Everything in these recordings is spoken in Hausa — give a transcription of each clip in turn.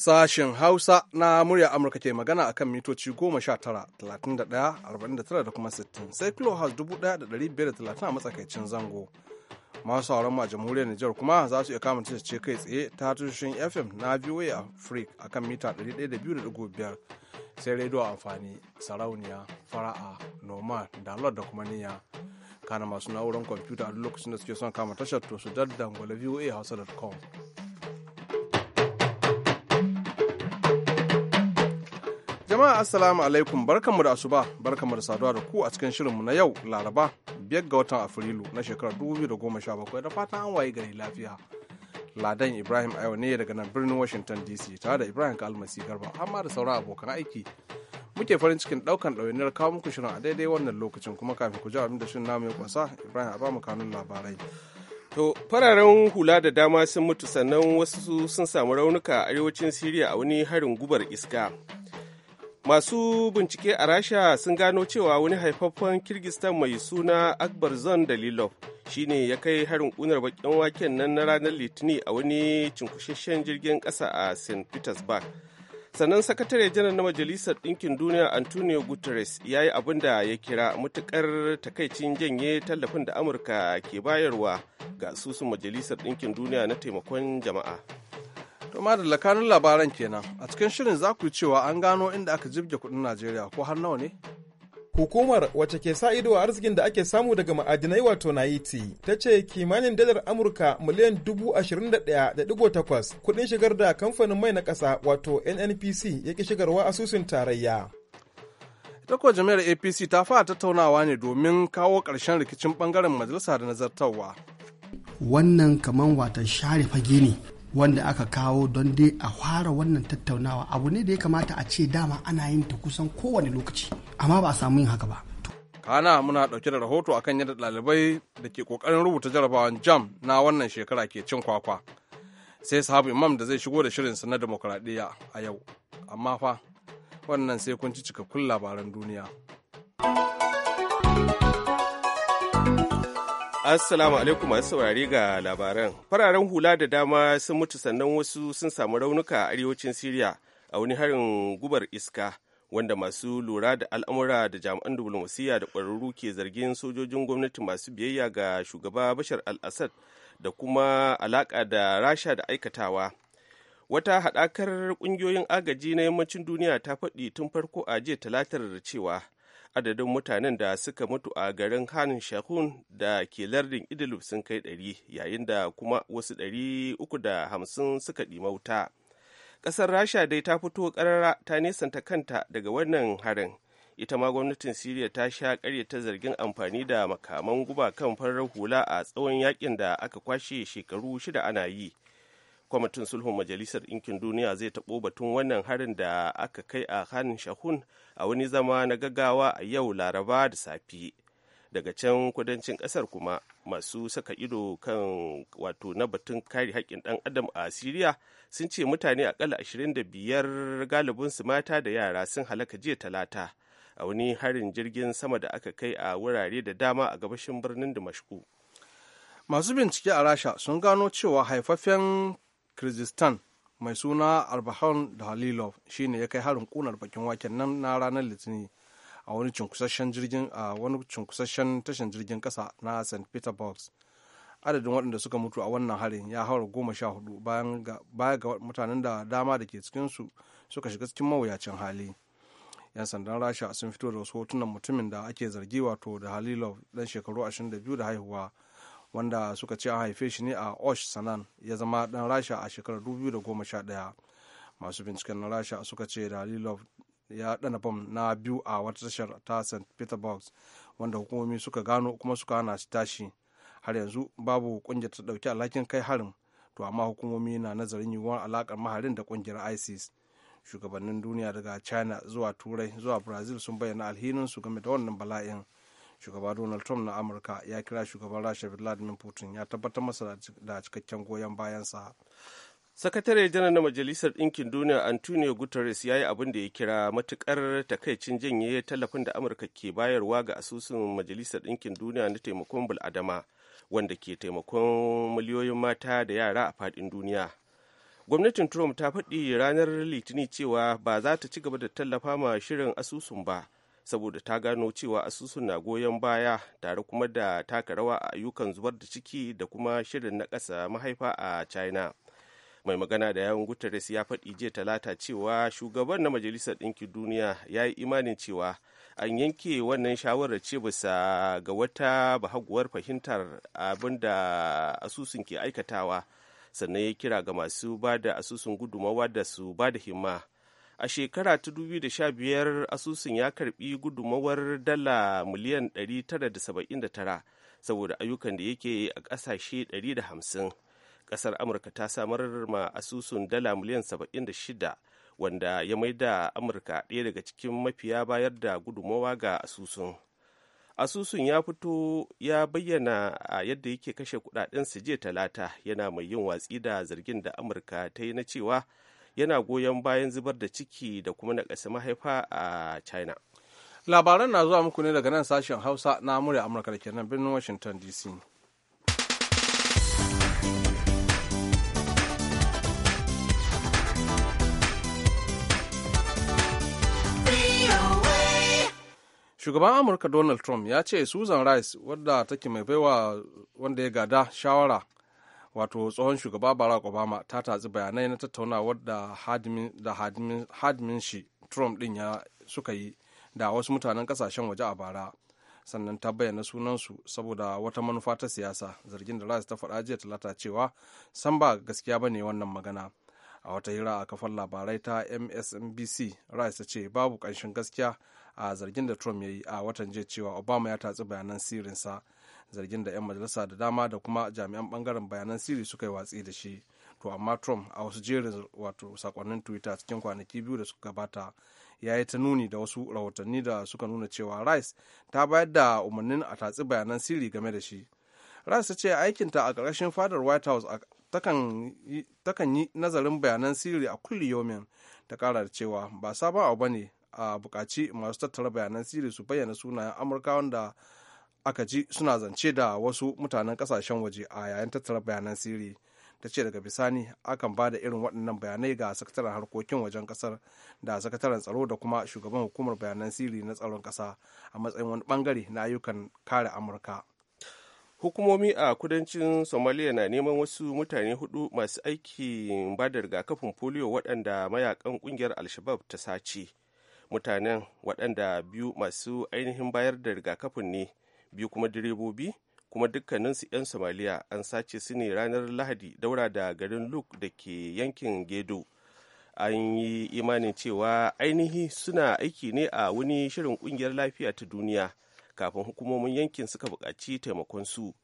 Sashen Hausa na murya Amurka ke magana akan mitoci 19, 31, 49 da kuma 60 sai kilohaz 1,530 a matsakaicin zango. Masu sauran ma jamhuriyar Nijar kuma za su iya kama ce kai tsaye ta tushen FM na VOA Africa akan mita 102.5 sai rediyo amfani sarauniya fara'a noma dalar da kuma niyya kana masu na'urar kwamfuta a duk lokacin da suke son kama tashar to su daddangwale voa hausa.com Jama'a Assalamu alaikum barkanmu da asuba barkanmu da saduwa da ku a cikin shirinmu na yau Laraba biyar ga watan Afrilu na shekarar 2017 da sha bakwai da fatan an waye gari lafiya. Ladan Ibrahim ayo ne daga nan birnin Washington DC tare da Ibrahim Kalmasi Garba amma da sauran abokan aiki. Muke farin cikin daukan ɗawainiyar kawo muku shirin a daidai wannan lokacin kuma kafin ku ji abin da shirin namu ya kwasa Ibrahim a ba mu kanun labarai. To fararen hula da dama sun mutu sannan wasu sun samu raunuka a arewacin Siriya a wani harin gubar iska. masu bincike a rasha sun gano cewa wani haifaffen kirgistan mai suna akbar zon dalilov shine ya kai harin kunar bakin waken nan na ranar litini a wani cinkushashen jirgin kasa a st petersburg sannan sakatare janar na majalisar ɗinkin duniya antonio guterres ya yi abin da ya kira matukar takaicin janye tallafin da amurka ke bayarwa ga asusun majalisar ɗinkin duniya na taimakon jama'a To ma da labaran kenan. A cikin shirin za ku cewa an gano inda aka jibge kuɗin Najeriya ko har nawa ne? Hukumar wacce ke sa ido a arzikin da ake samu daga ma'adinai wato Naiti e ta ce kimanin dalar Amurka miliyan dubu ashirin da ɗaya kuɗin shigar da kamfanin mai na kasa wato NNPC ya ki shigarwa asusun tarayya. Ita jami'ar APC ta fara tattaunawa ne domin kawo ƙarshen rikicin bangaren majalisa da nazartarwa. Wannan kaman wata share fage ne wanda aka kawo don dai a fara wannan tattaunawa abu ne da ya kamata a ce dama ana yin ta kusan kowane lokaci amma ba a samu yin haka ba kana muna dauke da rahoto akan yadda ɗalibai da ke kokarin rubuta jarabawan jam na wannan shekara ke cin kwakwa sai sahabu imam da zai shigo da shirinsa na demokradiyya a yau amma fa wannan sai kun ci cikakkun labaran duniya. Assalamu alaikum masu saurari ga labaran. Fararen hula da dama sun mutu sannan wasu sun samu raunuka a arewacin Siriya a wani harin gubar iska wanda masu lura da al'amura da jami'an diflomasiyya da ƙwararru ke zargin sojojin gwamnati masu biyayya ga shugaba Bashar al-Assad da kuma alaƙa da Rasha da aikatawa. Wata haɗakar ƙungiyoyin agaji na yammacin duniya ta faɗi tun farko a jiya talatar da cewa adadin mutanen da suka mutu a garin han shahun da ke lardin idlib sun kai 100 yayin da kuma wasu da hamsin suka ɗima wuta ƙasar rasha dai ta fito ƙarara ta nesanta kanta daga wannan harin ita ma gwamnatin siriya ta sha karya ta zargin amfani da makaman guba kan farar hula a tsawon yakin da aka kwashe shekaru shida ana yi kwamitin sulhun majalisar ɗinkin duniya zai taɓo batun wannan harin da aka kai a khan shahun a wani zama na gaggawa a yau laraba da safi daga can kudancin ƙasar kuma masu saka ido kan wato na batun kare haƙƙin ɗan adam a siriya sun ce mutane da biyar galibinsu mata da yara sun halaka jiya talata a wani harin jirgin sama da aka kai a wurare da dama a gabashin birnin damashku masu bincike a rasha sun gano cewa haifafen kyrgyzstan mai suna Dalilov shi shine ya kai harin kunar bakin waken nan na ranar litini a wani cunkusasshen jirgin a wani cunkusasshen tashin jirgin kasa na st petersburg adadin waɗanda suka mutu a wannan harin ya haura goma sha hudu baya ga mutanen da dama da ke cikinsu suka shiga cikin mawuyacin hali yan sandan rasha sun fito da wasu hotunan mutumin da ake zargi wato da halilov dan shekaru 22 da haihuwa wanda suka ce an haife shi ne a osh sanan ya zama dan rasha a shekarar 2011 masu binciken na rasha suka ce dalilov ya dana bam na biyu a wata tashar ta st petersburg wanda hukumomi suka gano kuma suka hana shi tashi har yanzu babu kungiyar ta dauki alhakin kai harin to amma hukumomi na nazarin yiwuwar alakar maharin da kungiyar isis shugabannin duniya daga china zuwa turai zuwa brazil sun bayyana su game da wannan bala'in shugaba donald trump na amurka ya kira shugaban rasha vladimir putin ya tabbatar masa da cikakken goyon bayansa sakatare janar na majalisar ɗinkin duniya antonio guterres ya yi abin da ya kira matukar takaicin janye tallafin da amurka ke bayarwa ga asusun majalisar ɗinkin duniya na taimakon bul'adama wanda ke taimakon miliyoyin mata da yara a faɗin duniya gwamnatin trump ta faɗi ranar litinin cewa ba za ta ci gaba da tallafa ma shirin asusun ba saboda ta gano cewa asusun na goyon baya tare kuma da taka rawa a ayyukan zubar da ciki da kuma shirin na ƙasa mahaifa a china mai magana da yawon guterres ya faɗi jiya talata cewa shugaban na majalisar ɗinkin duniya ya yi imanin cewa an yanke wannan shawarar ce bisa ga wata bahaguwar fahimtar abin da asusun ke aikatawa sannan ya kira ga masu ba da asusun gudumawa da su ba da himma a shekara ta 2015 asusun ya karbi gudumawar dala miliyan 979 saboda ayyukan da yake a ƙasashe 150 ƙasar amurka ta samar ma asusun dala miliyan 76 wanda ya maida amurka ɗaya daga cikin mafiya bayar da gudumawa ga asusun asusun ya fito ya bayyana a yadda yake kashe kudaden su je talata yana mai yin watsi da zargin da amurka ta yi na cewa yana goyon bayan zubar da ciki da kuma nakasa mahaifa a china labaran na zuwa muku ne daga nan sashen hausa na murya amurka da ke nan birnin washington dc shugaban amurka donald trump ya ce susan rice wadda take mai baiwa wanda ya gada shawara wato tsohon shugaba barack obama ta tatsi bayanai na tattaunawar da hadimin shi trump din ya suka yi da wasu mutanen kasashen waje a bara sannan ta bayyana sunansu saboda wata manufa ta siyasa zargin da rice ta faɗa jiya talata cewa san ba gaskiya ba ne wannan magana a wata hira a kafar labarai ta msnbc rice ta ce babu ƙanshin gaskiya a zargin da trump ya yi a watan jiya cewa obama ya tatsi bayanan sirrinsa zargin da 'yan majalisa da dama da kuma jami'an bangaren bayanan sirri suka yi watsi da shi to amma trump a wasu jerin wato sakonnin twitter cikin kwanaki biyu da suka gabata ya yi ta nuni da wasu rahotanni da suka nuna cewa rice ta bayar da umarnin a tatsi bayanan sirri game da shi rice ta ce aikinta a ƙarƙashin fadar white house takan yi nazarin bayanan sirri a kulli yomin ta kara da cewa ba sabon abu ne a bukaci masu tattara bayanan sirri su bayyana sunayen amurka da aka ji suna zance da wasu mutanen kasashen waje a yayin tattara bayanan sirri ta ce daga bisani akan ba da irin waɗannan bayanai ga sakataren harkokin wajen ƙasar da sakataren tsaro da kuma shugaban hukumar bayanan sirri na tsaron ƙasa a matsayin wani bangare na ayyukan kare amurka hukumomi a kudancin somaliya na neman wasu mutane hudu masu aiki ba da rigakafin polio waɗanda mayakan ƙungiyar alshabab ta sace mutanen waɗanda biyu masu ainihin bayar da rigakafin ne biyu kuma direbobi kuma dukkaninsu 'yan somaliya an sace su ne ranar lahadi daura da garin luk da ke yankin gedo an yi imanin cewa ainihi suna aiki ne a wani shirin kungiyar lafiya ta duniya kafin hukumomin yankin suka bukaci taimakon su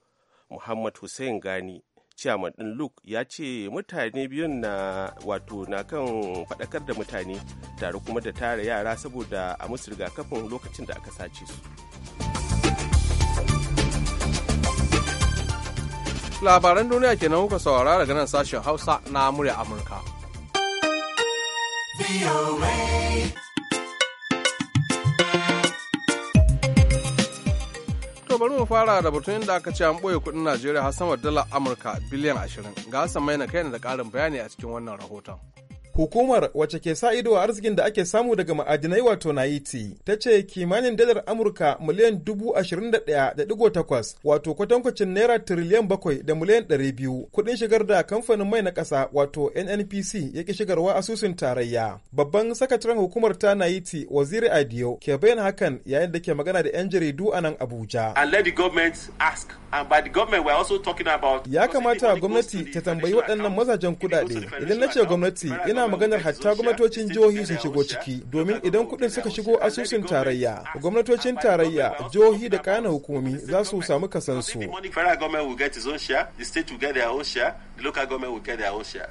muhammad hussein gani ciyaman ɗin luke ya ce mutane biyun na wato na kan faɗakar da mutane tare kuma da tara yara saboda a musu rigakafin lokacin da aka sace su Labaran duniya ke kenan kuka saurara daga nan sashen Hausa na murya Amurka. To bari mu fara da batun inda aka ce an ɓoye kuɗin Najeriya har sama dala Amurka biliyan 20 ga Hassan Maina kai da ƙarin bayani a cikin wannan rahoton. Hukumar wace ke sa ido a arzikin da ake samu daga ma'adinai wato naiti ta ce kimanin dalar Amurka miliyan dubu ashirin da daya da digo takwas wato kwatankwacin naira tiriliyan bakwai da miliyan ɗari biyu kuɗin shigar da kamfanin mai na kasa wato NNPC ya ki shigarwa asusun tarayya. Babban sakataren hukumar ta naiti Waziri Adio ke bayyana hakan yayin da ke magana da 'yan jaridu a nan Abuja. Ya kamata gwamnati ta tambayi waɗannan mazajen kuɗaɗe. Idan na ce gwamnati ina maganar hatta gwamnatocin jihohi su shigo ciki domin idan kuɗin suka shigo asusun tarayya gwamnatocin tarayya jihohi da ƙananan hukumomi za su samu kasansu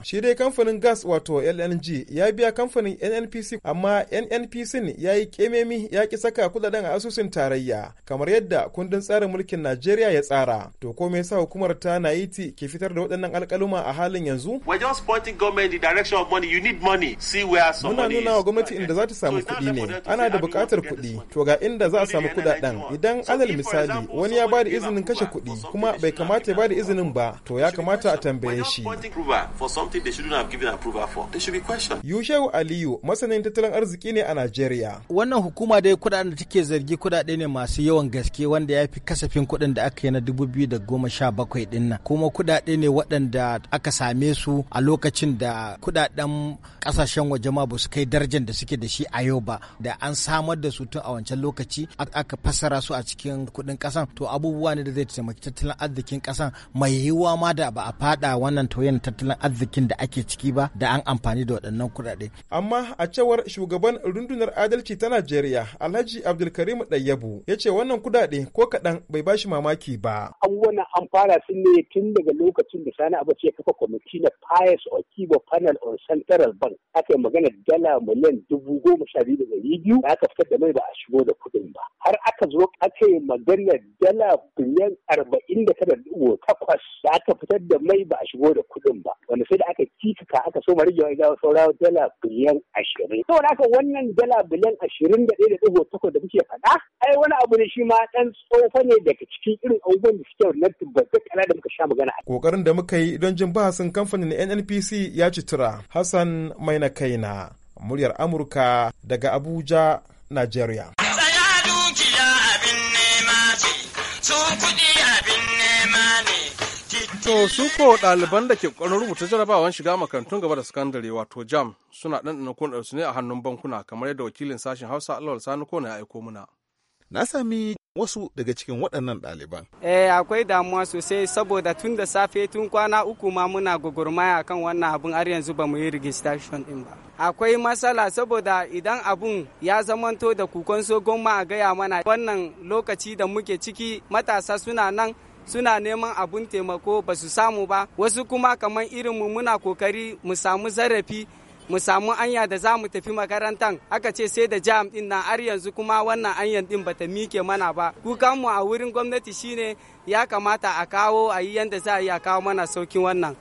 shi dai kamfanin gas wato lng ya biya kamfanin nnpc amma nnpc ya yi kememi ya ki saka kudaden a asusun tarayya kamar yadda kundin tsarin mulkin najeriya ya tsara to ko me yasa hukumar ta na ke fitar da waɗannan alkaluma a halin yanzu we're just pointing government need money. See where some Muna nuna gwamnati inda za ta samu kuɗi ne. Ana da buƙatar kuɗi. To ga inda za a samu kuɗaɗen. Idan alal misali wani ya ba da izinin kashe kuɗi kuma bai kamata ya ba da izinin ba to ya kamata a tambaye shi. yushehu Aliyu masanin tattalin arziki ne a Najeriya. Wannan hukuma dai kuɗaɗen da take zargi kuɗaɗe ne masu yawan gaske wanda ya fi kasafin kuɗin da aka yi na dubu da 2017 ɗin nan kuma kuɗaɗe ne waɗanda aka same su a lokacin da kuɗaɗen kasashen waje ma ba su kai darajar da suke da shi a yau ba da an samar da su tun a wancan lokaci aka fassara su a cikin kuɗin kasan to abubuwa ne da zai taimaki tattalin arzikin ƙasan mai yiwuwa ma da ba a fada wannan toyen tattalin arzikin da ake ciki ba da an amfani da waɗannan kuɗaɗe. amma a cewar shugaban rundunar adalci ta najeriya alhaji abdulkarim ɗayyabu ya ce wannan kuɗaɗe ko kaɗan bai ba shi mamaki ba. abubuwan an fara sun ne tun daga lokacin da sani abace ya kafa kwamiti na pious okibo panel on central bank aka yi magana dala miliyan dubu goma sha biyu da ɗari biyu da aka fitar da mai ba a shigo da kuɗin ba har aka zo aka yi magana dala miliyan arba'in da tara dubu takwas da aka fitar da mai ba a shigo da kuɗin ba wanda sai da aka kikaka aka so mara jawa ga saura dala miliyan ashirin da aka wannan dala miliyan ashirin da ɗaya da ɗigo takwas da muke faɗa ai wani abu ne shi ma ɗan tsofa ne daga cikin irin abubuwan da suke na tabbatar da muka sha magana. Kokarin da muka yi don jin bahasin kamfanin NNPC ya ci tura. Hassan Hassan mai na kaina, muryar Amurka daga Abuja, Najeriya. To su ko ɗaliban da ke ƙwarar rubuta jarabawan shiga makarantun gaba da sakandare wato jam suna ɗanɗana kuɗin su ne a hannun bankuna kamar yadda wakilin sashen Hausa alwal Sani Kona ya aiko muna. Na sami wasu daga cikin waɗannan ɗaliban. Eh akwai damuwa sosai saboda tun da safe tun kwana uku ma muna gugurmaya kan wannan abun har yanzu ba mu yi registration din ba. Akwai matsala saboda idan abun ya zamanto da kukon sogon ma a gaya mana wannan lokaci da muke ciki matasa suna nan suna neman abun taimako ba su samu ba wasu kuma kamar irinmu muna kokari mu samu zarafi mu samu anya da za mu tafi makarantan aka ce sai da jam din nan har yanzu kuma wannan anyan din bata mike mana ba kukan mu a wurin gwamnati shine ya kamata a kawo a yi yanda za a yi a kawo mana saukin wannan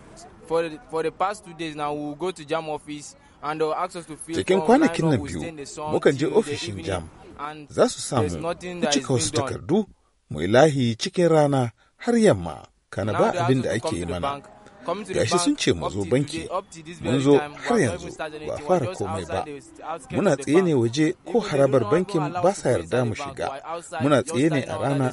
cikin kwanakin nan biyu mukan je ofishin jam za su samu mu cika wasu takardu mu ilahi cikin rana har yamma kana ba abin da ake yi mana gashi sun ce mu zo banki mun zo har yanzu ba fara komai ba muna tsaye ne waje ko harabar bankin ba sa yarda mu shiga muna tsaye ne a rana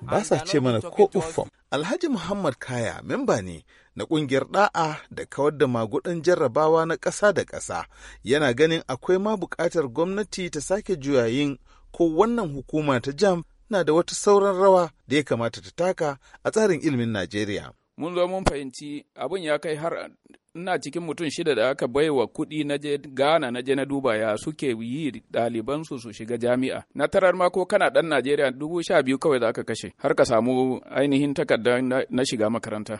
ba sa ce mana ko uffam alhaji muhammad kaya memba ne na kungiyar da'a da kawar da magudan jarrabawa na ƙasa da ƙasa yana ganin akwai ma buƙatar gwamnati ta sake juyayin ko wannan hukuma ta jam na da wata sauran rawa da ya kamata ta taka a tsarin ilimin najeriya mun zo mun fahimci abin ya kai har ina cikin mutum shida da aka baiwa kuɗi na je gana na je na duba ya suke yi ɗaliban su shiga jami'a na tarar ma ko kana ɗan Najeriya dubu sha biyu kawai za ka kashe har ka samu ainihin takarda na shiga makaranta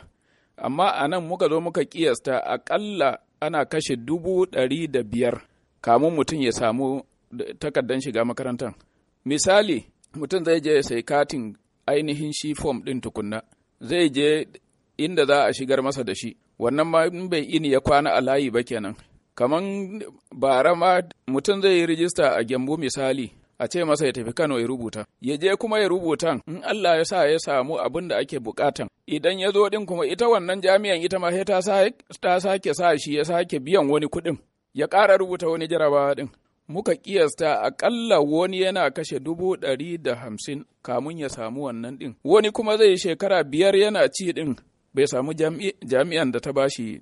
amma a nan muka zo muka kiyasta aƙalla ana kashe dubu ɗari da biyar kamun mutum ya samu takardan shiga makarantan misali mutum zai je sai katin ainihin shi fom ɗin tukunna zai je inda za a shigar masa da shi wannan ma bai ini ya kwana a layi ba kenan kaman bara ma mutum zai yi rijista a gyambu misali a ce masa ya tafi Kano ya rubuta ya je kuma ya rubuta in Allah ya sa ya samu abin da ake bukatan idan ya zo din kuma ita wannan jami'an ita ma sai ta sake sa shi ya sake biyan wani kuɗin ya ƙara rubuta wani jarabawa din muka kiyasta akalla wani yana kashe dubu ɗari da hamsin kamun ya samu wannan ɗin wani kuma zai shekara biyar yana ci ɗin bai samu jami'an da ta bashi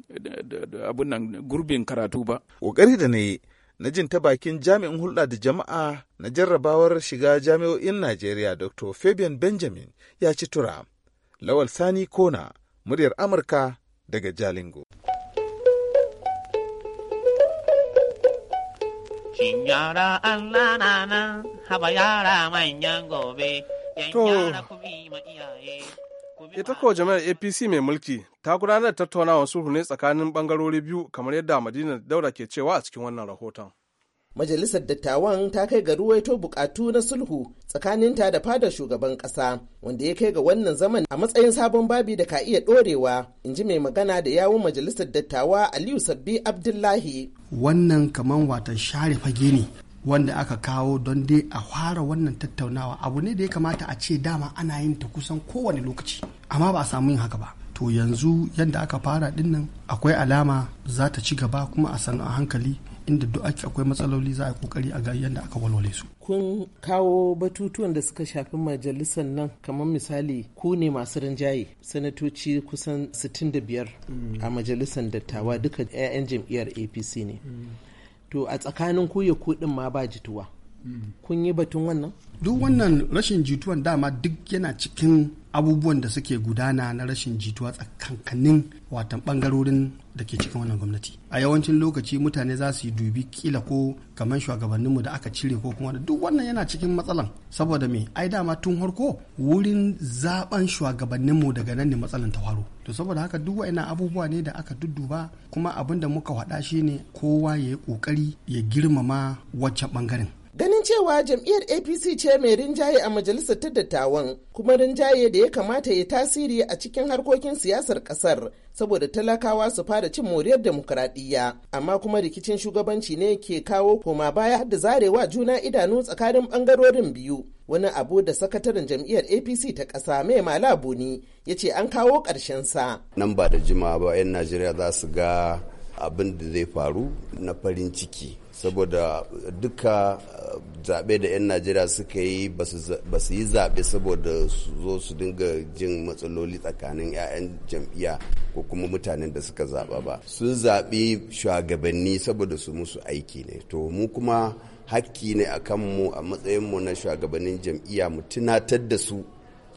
abun nan gurbin karatu ba. Ƙoƙari da na na jin ta bakin jami'in hulɗa da jama'a na jarrabawar shiga jami'o'in Najeriya Dr. Fabian Benjamin ya ci tura. Lawal Sani Kona, muryar Amurka daga Jalingo. To, ita ko jami'ar apc mai mulki ta gudanar da tattaunawar sulhu ne tsakanin bangarori biyu kamar yadda madina daura ke cewa a cikin wannan rahoton majalisar dattawan ta kai ga ruwaito bukatu na sulhu tsakaninta da fadar shugaban kasa wanda ya kai ga wannan zaman a matsayin sabon babi da ka iya dorewa in ji mai magana da yawun majalisar dattawa aliyu sabbi abdullahi wannan kaman wata share fage ne wanda aka kawo don dai a fara wannan tattaunawa abu ne da ya kamata a ce dama ana yin ta kusan kowane lokaci amma ba a samu yin haka ba to yanzu yadda aka fara dinnan akwai alama za ta ci gaba kuma a san a hankali inda duk ake akwai matsaloli za a kokari a ga yadda aka walwale su. Kun kawo batutuwan da suka shafi majalisar nan kamar misali ku ne masu rinjaye sanatoci kusan 65 a majalisar dattawa duka 'ya'yan jam'iyyar APC ne. to a tsakanin ku ya ku din ma ba jituwa kun yi batun wannan duk wannan rashin jituwan dama duk yana cikin abubuwan da suke gudana na rashin jituwa tsakankanin watan bangarorin da ke cikin wannan gwamnati a yawancin lokaci mutane za su yi dubi kila ko kamar shugabanninmu da aka cire ko kuma duk wannan yana cikin matsalan saboda me ai dama tun harko wurin zaben shugabanninmu daga nan ne matsalan ta faru to saboda haka duk wa'ina abubuwa ne da aka dudduba kuma abin da muka faɗa shine kowa ya yi ƙoƙari ya girmama wancan bangaren Ganin cewa jam'iyyar APC ce mai rinjaye a majalisar ta dattawan kuma rinjaye da ya kamata ya tasiri a cikin harkokin siyasar kasar saboda talakawa su fara cin moriyar demokuraɗiyya amma kuma rikicin shugabanci ne ke kawo koma baya da zarewa juna idanu tsakanin bangarorin biyu wani abu da sakataren jam'iyyar apc ta ƙasa mai malabu ne ya ce an kawo ƙarshen sa nan ba da jimawa ba 'yan najeriya za su ga abin da zai faru na farin ciki saboda duka eh, zaɓe da 'yan najeriya suka yi ba su yi zaɓe saboda su zo su dinga jin matsaloli tsakanin 'ya'yan jam'iyya ko kuma mutanen da suka zaɓa ba sun zaɓi shugabanni saboda su musu aiki ne to mu kuma hakki ne a kanmu a matsayin mu na shugabannin jam'iyya mu tunatar da su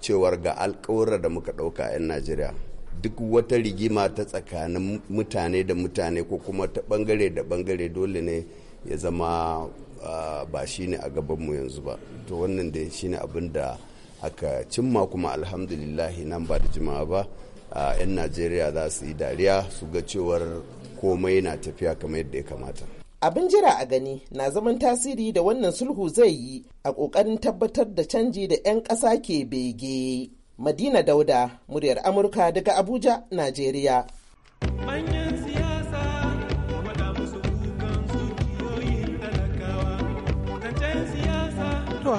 cewar ga alkawura da muka ɗauka 'yan najeriya duk wata rigima ta tsakanin mutane da mutane ko kuma ta ɓangare da ɓangare dole ne ya zama ah, ba shi ne a gabanmu yanzu ba to wannan da shi ne abin da aka cimma kuma alhamdulillahi nan ba da jima'a ba a ah, 'yan najeriya za su yi dariya su ga cewar komai na tafiya kamar yadda ya kamata abin jira a gani na zaman tasiri da wannan sulhu zai yi a ƙoƙarin tabbatar da canji da 'yan ƙasa ke bege madina dauda muryar amurka daga abuja najeriya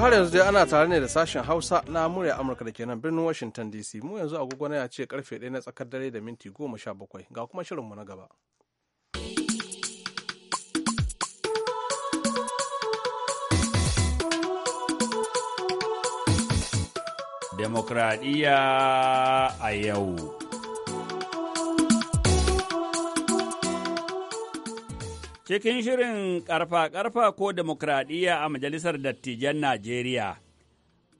har yanzu dai ana tare ne da sashen Hausa na murya Amurka da ke birnin Washington DC. Mu yanzu agogo na ya ce karfe 1 na tsakar dare da minti 17 ga kuma shirin mu na gaba. Demokradiyya a yau. cikin shirin karfa-karfa ko demokradiyya a Majalisar Dattijan Najeriya.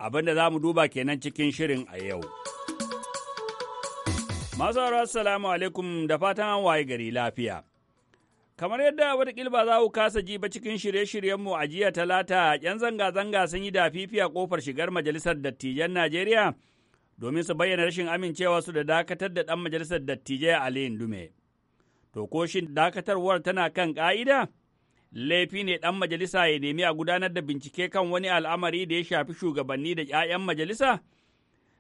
abinda da za mu duba kenan cikin shirin a yau. Masu assalamu alaikum da fatan an waye gari lafiya. Kamar yadda wata ba za ku kasa ji ba cikin shirye-shiryenmu a jiya talata, ‘yan zanga-zanga sun yi dafifi a kofar shigar Majalisar Dattijan Najeriya domin su bayyana rashin amincewa su da dakatar da ɗan Majalisar Dattijai Ali Dume. to ko shin dakatarwar tana kan ƙa'ida? Laifi ne ɗan majalisa ya nemi a gudanar da bincike kan wani al'amari da ya shafi shugabanni da 'ya'yan majalisa?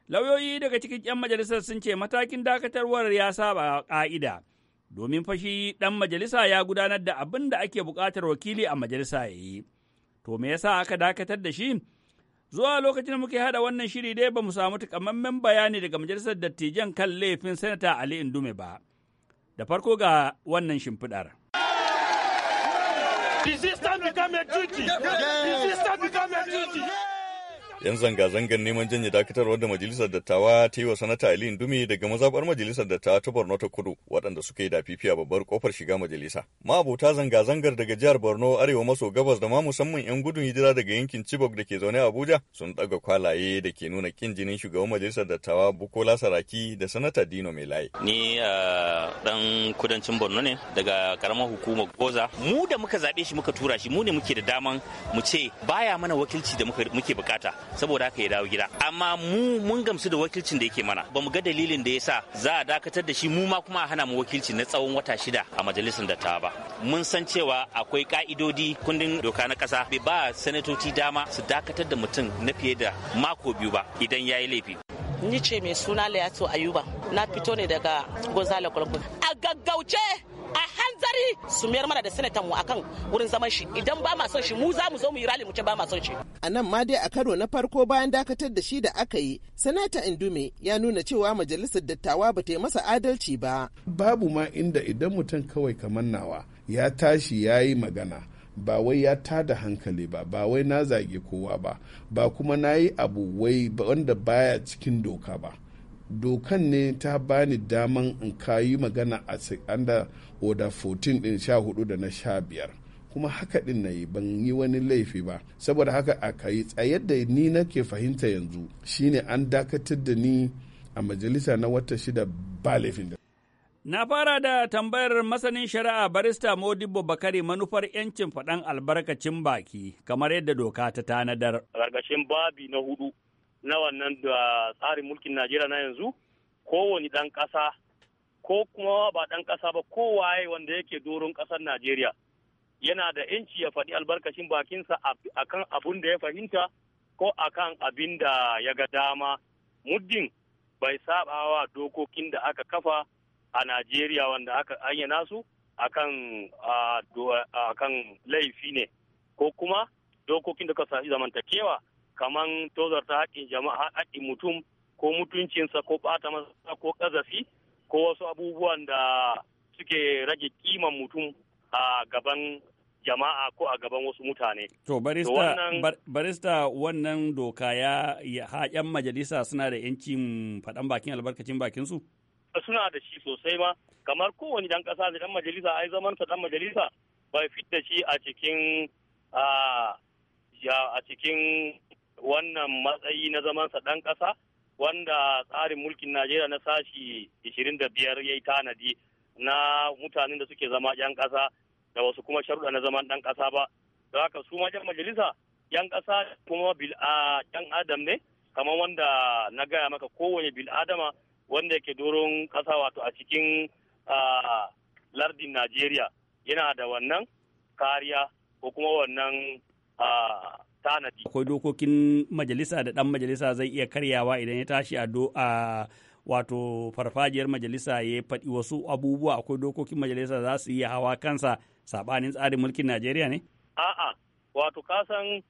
Lauyoyi daga cikin 'yan majalisar sun ce matakin dakatarwar ya saba ƙa'ida, domin fashi ɗan majalisa ya gudanar da abin da ake buƙatar wakili a majalisa ya yi. To me yasa aka dakatar da shi? zuwa lokacin da muke hada wannan shiri dai ba mu samu takamammen bayani daga majalisar dattijan kan laifin sanata Ali Indume ba. Da farko ga wannan shimfiɗar. Resistance become a duty. Resistance become a duty. 'Yan zanga-zangar neman janye dakatarwar da Majalisar Dattawa ta yi wa Sanata Ali dumi daga mazabar Majalisar Dattawa ta Borno ta Kudu waɗanda suka yi da a babbar kofar shiga majalisa. Ma'abota zanga-zangar daga jihar Borno arewa maso gabas da ma musamman 'yan gudun hijira daga yankin Chibok da ke zaune Abuja sun ɗaga kwalaye da ke nuna kin jinin shugaban Majalisar Dattawa Bukola Saraki da Sanata Dino Melaye. Ni dan ah, kudancin Borno ne daga karamar hukumar Goza. Mu da muka zaɓe shi muka tura shi mu ne muke da daman mu ce baya mana wakilci da muke bukata. saboda haka ya dawo gida amma mu mun gamsu da wakilcin da yake mana bamu ga dalilin da yasa za a dakatar da shi mu ma kuma a hana mu wakilci na tsawon wata shida a majalisar da ta ba mun san cewa akwai ka'idodi kundin doka na kasa bai ba sanatoci dama su dakatar da mutum na fiye da mako biyu ba idan ya yi laifi ni ce mai suna layato ayuba na fito ne daga gonzalo kwalkwal a gaggauce a hanzari su mayar mana da sanatan mu akan wurin zaman shi idan ba ma son shi mu za mu zo mu yi rali mu ce ba ma son shi a nan ma dai a karo na farko bayan dakatar da shi da aka yi sanata indume ya nuna cewa majalisar dattawa ba ta yi masa adalci ba babu ma inda idan mutum kawai kamar nawa ya tashi ya yi magana ba wai ya tada hankali ba ba wai na zage kowa ba ba kuma na yi abu wai wanda baya cikin doka ba dokan ne ta bani daman in kayi magana a anda oda 14 din 14 da na 15 kuma haka din na yi ban yi wani laifi ba saboda haka a kai tsayar da ni nake fahimta yanzu shine an dakatar da ni a majalisa na wata shida ba laifin da Na fara da tambayar masanin shari'a barista Modibo Bakari manufar 'yancin faɗan albarkacin baki kamar yadda doka ta tanadar. Gargashin babi na hudu na wannan da tsarin mulkin Najeriya na yanzu, kowane ɗan ƙasa ko kuma ba ɗan ƙasa ba kowaye wanda yake doron ƙasar Najeriya yana da ‘yanci ya faɗi albarkacin bakinsa a kan abun da ya fahimta ko a kan abin da ya ga dama muddin bai sabawa dokokin da aka kafa a Najeriya wanda aka ayyana su kan akan laifi ne ko kuma dokokin da ka zamantakewa kaman tozarta haƙƙin jama'a haƙƙin mutum ko mutuncinsa ko ɓata masa ko ƙazafi ko wasu abubuwan da suke rage kiman mutum a gaban jama'a ko a gaban wasu mutane. To barista, wannan doka ya, haƙen majalisa suna da yancin faɗan bakin albarkacin bakinsu? Suna da shi sosai ma, kamar kowane ɗan ƙasa da ɗan majalisa ai zaman sa ɗan majalisa bai da shi a cikin a cikin wannan matsayi na zaman sa ɗan ƙasa wanda tsarin mulkin Najeriya na sashi 25 ya yi tanadi na mutanen da suke zama 'yan ƙasa da wasu kuma sharuɗa na zaman ɗan ƙasa ba. Da haka su ma 'yan majalisa 'yan ƙasa kuma bil'an adam ne kamar wanda na gaya maka kowane bil'adama wanda yake doron ƙasa wato a cikin lardin Najeriya yana da wannan kariya ko kuma wannan tanadi akwai dokokin majalisa da ɗan majalisa zai iya karyawa idan ya tashi a a wato farfajiyar majalisa ya faɗi wasu abubuwa akwai dokokin majalisa za su iya hawa kansa sabanin tsarin mulkin Najeriya ne a'a wato kasan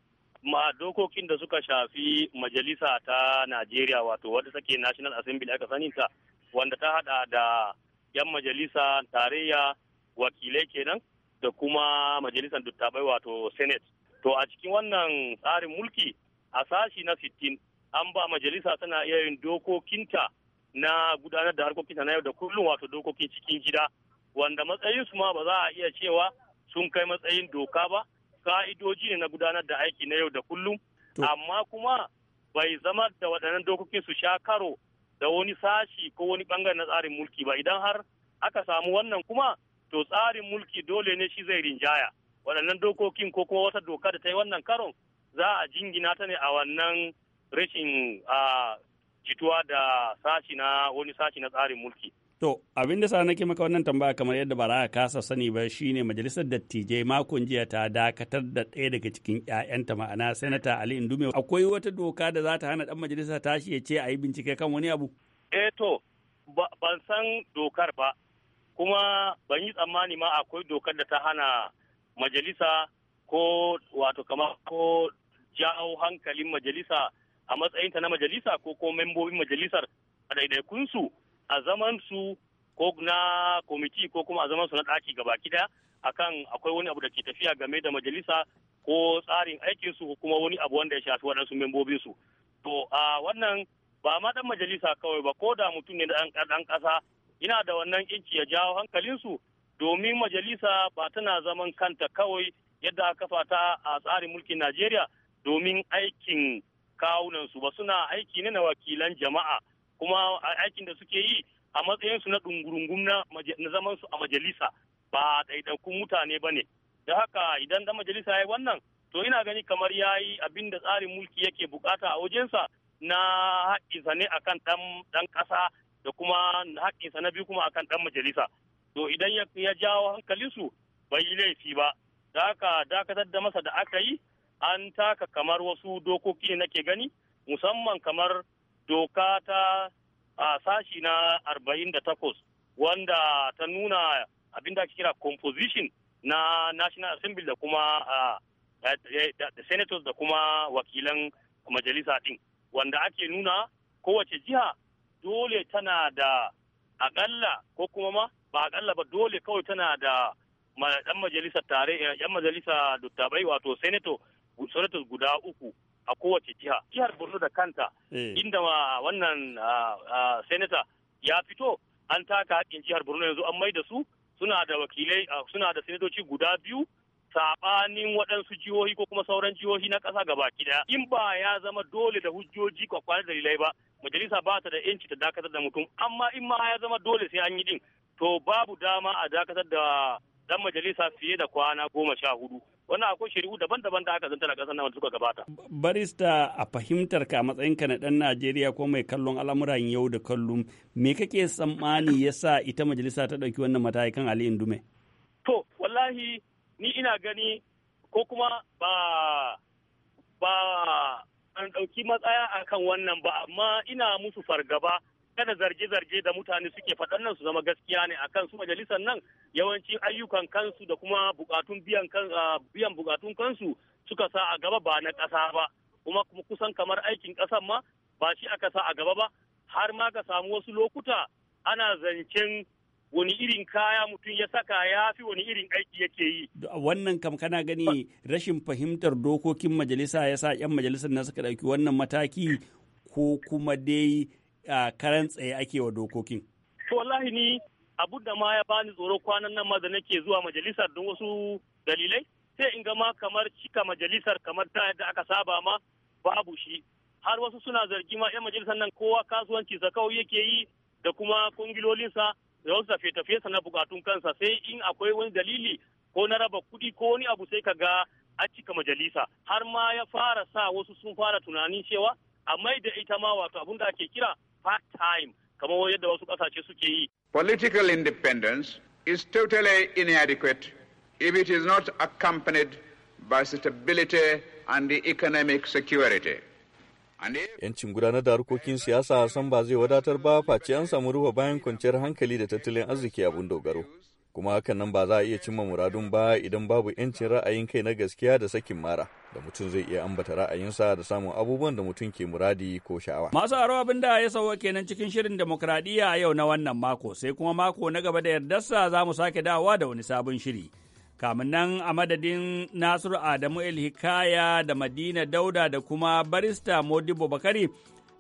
ma dokokin da suka shafi majalisa ta Najeriya wato wadda take National Assembly aka sani ta wanda ta hada da 'yan majalisa tarayya wakilai kenan da kuma majalisar dattabai wato Senate To a cikin wannan tsarin mulki a sashi na sittin an ba majalisa tana iya yin dokokinta na gudanar da harkokinta na yau da kullum wato dokokin cikin gida wanda matsayin su ma ba za a iya cewa sun kai matsayin doka ba ka'idoji ne na gudanar da aiki na yau da kullum amma kuma bai zama da waɗannan dokokin su sha karo da wani sashi ko wani bangare na tsarin mulki ba idan har aka samu wannan kuma to tsarin mulki dole ne shi zai rinjaya waɗannan dokokin ko kuma wata doka da ta yi wannan karon za a jingina ta ne a wannan rashin jituwa da sashi na wani sashi na tsarin mulki. To, abin da sa nake maka wannan tambaya kamar yadda ba za kasa sani ba shine majalisar dattijai makon jiya ta dakatar da ɗaya daga cikin 'ya'yanta ma'ana sanata Ali Indume. Akwai wata doka da za ta hana ɗan majalisa tashi ya ce a yi bincike kan wani abu? Eh to, ban san dokar ba, kuma ban yi tsammani ma akwai dokar da ta hana majalisa ko wato kamar ko jawo hankalin majalisa a matsayinta na majalisa ko ko membobin majalisar a daidaikunsu a zaman su ko na komiti ko kuma a zaman su na ɗaki gaba kida akan akwai wani abu da ke tafiya game da majalisa ko tsarin aikin su ko kuma wani abu wanda ya shafi waɗansu su. to a wannan ba ma dan majalisa kawai ba ko da mutum ne da ɗan ƙasa yana da wannan inci ya jawo hankalin su. domin majalisa ba tana zaman kanta kawai yadda aka fata a tsarin mulkin Najeriya domin aikin kawunansu ba suna aiki ne na wakilan jama'a kuma aikin da suke yi a matsayinsu na ɗungurungun na zamansu a majalisa ba ɗaiɗaikun mutane ba ne da haka idan da majalisa ya wannan to ina gani kamar ya yi abin da tsarin mulki yake bukata a wajensa na haƙƙinsa ne akan ɗan ƙasa da kuma haƙƙinsa na biyu kuma akan ɗan majalisa to idan ya jawo hankalinsu bai yi laifi ba da aka dakatar da masa da aka yi an taka kamar wasu dokoki ne nake gani musamman kamar doka ta a sashi na takwas wanda ta nuna abin da ake kira composition na national assembly da kuma da senators da kuma wakilan majalisa din wanda ake nuna kowace jiha dole tana da akalla ko kuma ma ba akalla ba dole kawai tana da yan majalisa tare yan eh, majalisa dattabai wato senator senators guda uku a kowace jiha jihar borno da kanta eh. inda wannan senator ya fito an taka haƙƙin jihar borno yanzu an maida su suna da wakilai suna da senatoci guda biyu saɓanin waɗansu jihohi ko kuma sauran jihohi na ƙasa ga baki ɗaya in ba ya zama dole da hujjoji kwakwalar dalilai ba majalisa ba ta da yanci ta dakatar da mutum amma in ma ya zama dole sai an yi din to babu dama a dakatar da dan majalisa fiye da kwana goma sha hudu wannan akwai shari'u daban-daban da aka zanta a ƙasar nan suka gabata. barista a fahimtar ka matsayin ka na ɗan najeriya ko mai kallon al'amuran yau da kallum me kake tsammani ya sa ita majalisa ta ɗauki wannan matakan ali indume. to wallahi ni ina gani ko kuma ba ba an ɗauki matsaya akan wannan ba amma ina musu fargaba kada zarge-zarge da mutane suke faɗan nan su zama gaskiya ne a kansu majalisar nan yawanci ayyukan kansu da kuma bukatun biyan biyan bukatun kansu suka sa a gaba ba na ƙasa ba kuma kusan kamar aikin ƙasan ma ba shi aka sa a gaba ba har ma ka samu wasu lokuta ana zancen wani irin kaya mutum ya saka ya fi wani irin aiki yake yi. Wannan kam kana gani rashin fahimtar dokokin majalisa ya sa 'yan majalisar na suka ɗauki wannan mataki ko kuma dai karan tsaye ake wa dokokin? To wallahi ni abun da ma ya bani tsoro kwanan nan ma da nake zuwa majalisar don wasu dalilai sai in ga ma kamar cika majalisar kamar ta yadda aka saba ma babu shi har wasu suna zargi ma 'yan majalisar nan kowa kasuwanci sa kawai yake yi da kuma kungilolinsa da wasu tafiye-tafiye na bukatun kansa sai in akwai wani dalili ko na raba kuɗi ko wani abu sai ka ga a cika majalisa har ma ya fara sa wasu sun fara tunanin cewa amma da ita ma wato abun da ake kira part time kamar yadda wasu kasashe suke yi. Political independence is totally inadequate if it is not accompanied by stability and the economic security. Yancin gudanar da harkokin siyasa san ba zai wadatar ba face an samu ruwa bayan kwanciyar hankali da tattalin arziki abun dogaro. kuma hakan nan ba za a iya cimma muradun ba idan babu 'yancin ra'ayin kai na gaskiya da sakin mara da mutum zai iya ambata ra'ayinsa da samun abubuwan da mutum ke muradi ko sha'awa. Masu aro abin da ya sauwa kenan cikin shirin demokradiyya a yau na wannan mako sai kuma mako na gaba da yardarsa za mu sake dawowa da wani sabon shiri. Kamin nan a madadin Nasiru Adamu El Hikaya da Madina Dauda da kuma barista Modibo Bakari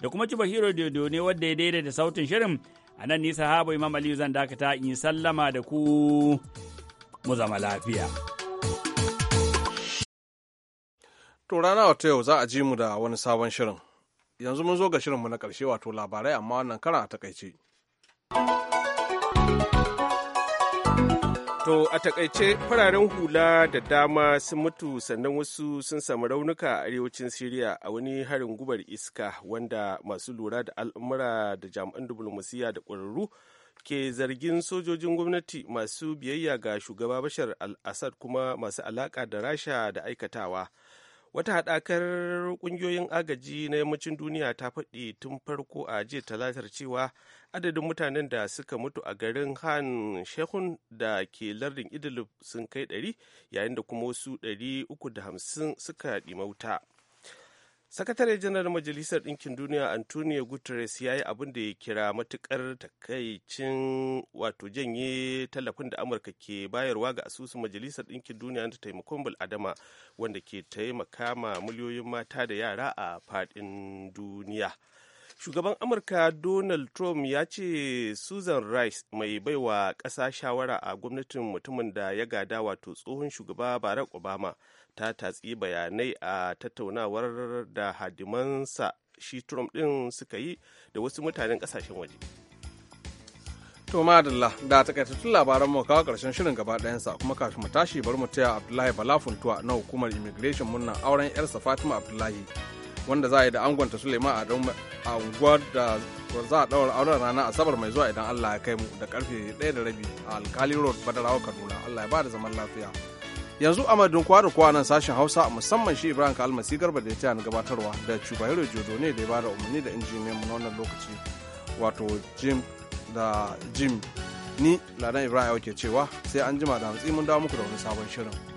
da kuma chibahiro Dodo ne wadda ya daidaita sautin shirin a nan nisa habu imam aliyu zan dakata in sallama da ku mu zama lafiya to rana wata yau za a ji mu da wani sabon shirin yanzu mun zo ga shirinmu na ƙarshe wato labarai amma wannan karan a takaice. To a takaice fararen hula da dama sun mutu sannan wasu sun samu raunuka a arewacin Siriya a wani harin gubar iska wanda masu lura da al'amura da jami'an diflomasiyya da ƙwararru ke zargin sojojin gwamnati masu biyayya ga shugaba Bashar al-Assad kuma masu alaƙa da Rasha da aikatawa. Wata haɗakar ƙungiyoyin agaji na yammacin duniya ta faɗi tun farko a jiya talatar cewa adadin mutanen da suka mutu a garin han shehun da ke lardin idlib sun kai 100 yayin da kuma wasu 350 suka ɗimauta sakatare janar majalisar ɗinkin duniya antonio guterres ya yi abin da ya kira matukar takaicin wato janye tallafin da amurka ke bayarwa ga asusun majalisar ɗinkin duniya ta taimakon bil'adama wanda ke taimaka ma miliyoyin mata da yara a faɗin duniya shugaban amurka donald trump ya ce susan rice mai baiwa ƙasa shawara a gwamnatin mutumin da ya gada wato tsohon shugaba barack obama ta tatsi bayanai a tattaunawar da hadimansa shi trump ɗin suka yi da wasu mutanen ƙasashen waje to madalla da takaitattun labaran mu kawo karshen shirin gaba ɗayansa kuma kafin mu tashi bari mu taya abdullahi balafuntuwa na hukumar immigration murnan auren yarsa fatima abdullahi wanda za a yi da angonta sulema a unguwar da za a daura auren rana asabar mai zuwa idan Allah ya kai mu da karfe daya da rabi a alkali road badarawa kaduna Allah ya ba da zaman lafiya yanzu a madun kwa da kwa nan sashen hausa musamman shi ibrahim kalmasi garba da ya ni gabatarwa da cubayero jodo ne da ya da umarni da injiniyan mu na wannan lokaci wato jim da jim ni ladan ibrahim ya ke cewa sai an jima da hantsi mun dawo muku da wani sabon shirin